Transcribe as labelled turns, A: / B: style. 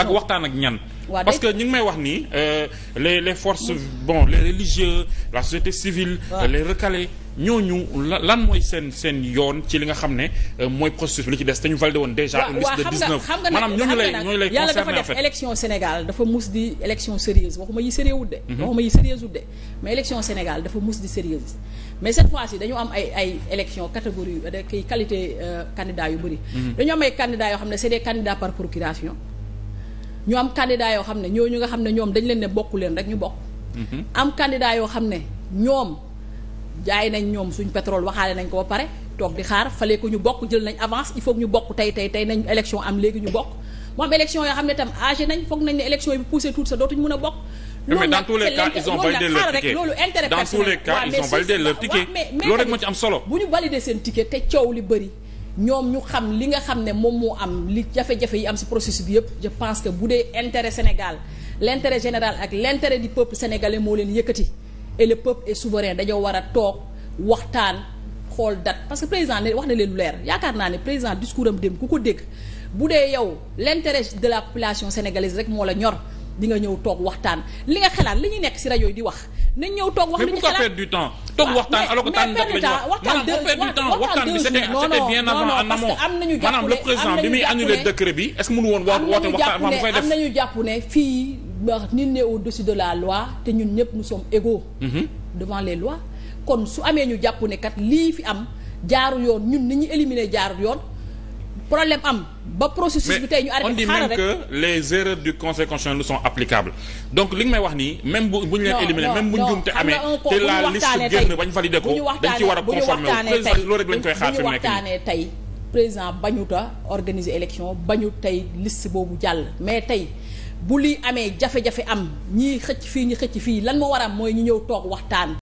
A: ak waxtaan ak ñan. parce que ñu ngi may wax nii euh, les les forces bon les religieux la société civile. Euh, les recalés ñooñu lan mooy seen seen yoon ci li nga xam ne euh, mooy processus bi li ci des te ñu validé woon déjà. une liste de 19 maanaam ñooñu lay dafa def élection
B: Sénégal dafa mus di élection sérieuse mhm. waxuma yi sérieux wut de. mais élection Sénégal dafa mus di sérieuse mais cette fois-ci dañu am ay ay élection catégorie kii qualité candidat yu bëri. Mhm. dañu am ay yoo xam ne c'est des candidats par ñu am candidat yoo xam ne ñu nga xam ne ñoom dañ leen ne bokk leen rek ñu bokk. Mhm. am candidat yoo xam ne ñoom jaay nañ ñoom suñ pétrole waxaale nañ ko ba pare toog di xaar fale ko ñu bokk jël nañ avance il faut ñu bokk tey tey tey nañ élection am léegi ñu bokk mu am élection yoo xam ne tam âgé nañ foog nañ ne élection yi bu poussé tuuti sa dootuñ mën a bokk.
A: mais dans tous les cas ils loolu intérêt personnel dans tous les cas ils ont validé ci am solo.
B: bu ñu validé seen ticket te coow li ñoom ñu xam li nga xam ne moom moo am li jafe-jafe yi am si processus bi yëpp je pense que bu dee intérêt Sénégal l'intérêt général ak l'intérêt du peuple sénégalais moo leen yëkkati et le peuple est souverain dañoo war a toog waxtaan xool date parce que président ne wax na leen lu leer yaakaar naa ne président discours am dém ku ko dégg bu dee yow l'intérêt de la population sénégalaise rek moo la ñor di nga ñëw toog waxtaan li nga xalaat li ñuy nekk ci rajo yi di wax nañ ñëw toog wax. li ñu xalaat mais pourquoi perdre
A: du temps. toog waxtaan la ñu wax. waxtaan deux waxtaan waxtaan bi c'était c'était bien avant bi muy annulé décret bi est-ce que mënu woon woote waxtaan avant mu koy def
B: jàpp ne fii wax nul n'est au de la loi te ñun ñëpp nous sommes égaux mm-hmm. devant les lois kon su amee ñu jàppu ne kat lii fi am jaarul yoon ñun ni ñu éliminer jaaru yoon problème am ba processus bi tey ñu arrêté. on dit même que
A: les erreurs du conseil constitutionnel sont applicables donc li nga may wax nii même bu bu leen éliminé même bu njuumte amee te la liste génn bañ validé ko dañ ci war a conformé wu loolu rek lañ koy xaar fi mu nekk
B: nii président bañuta organiser élection bañu tey liste boobu jàll mais tey bu liy amee jafe-jafe am ñii xëcc fii ñi xëcc fii lan moo war a am mooy ñu ñëw toog waxtaan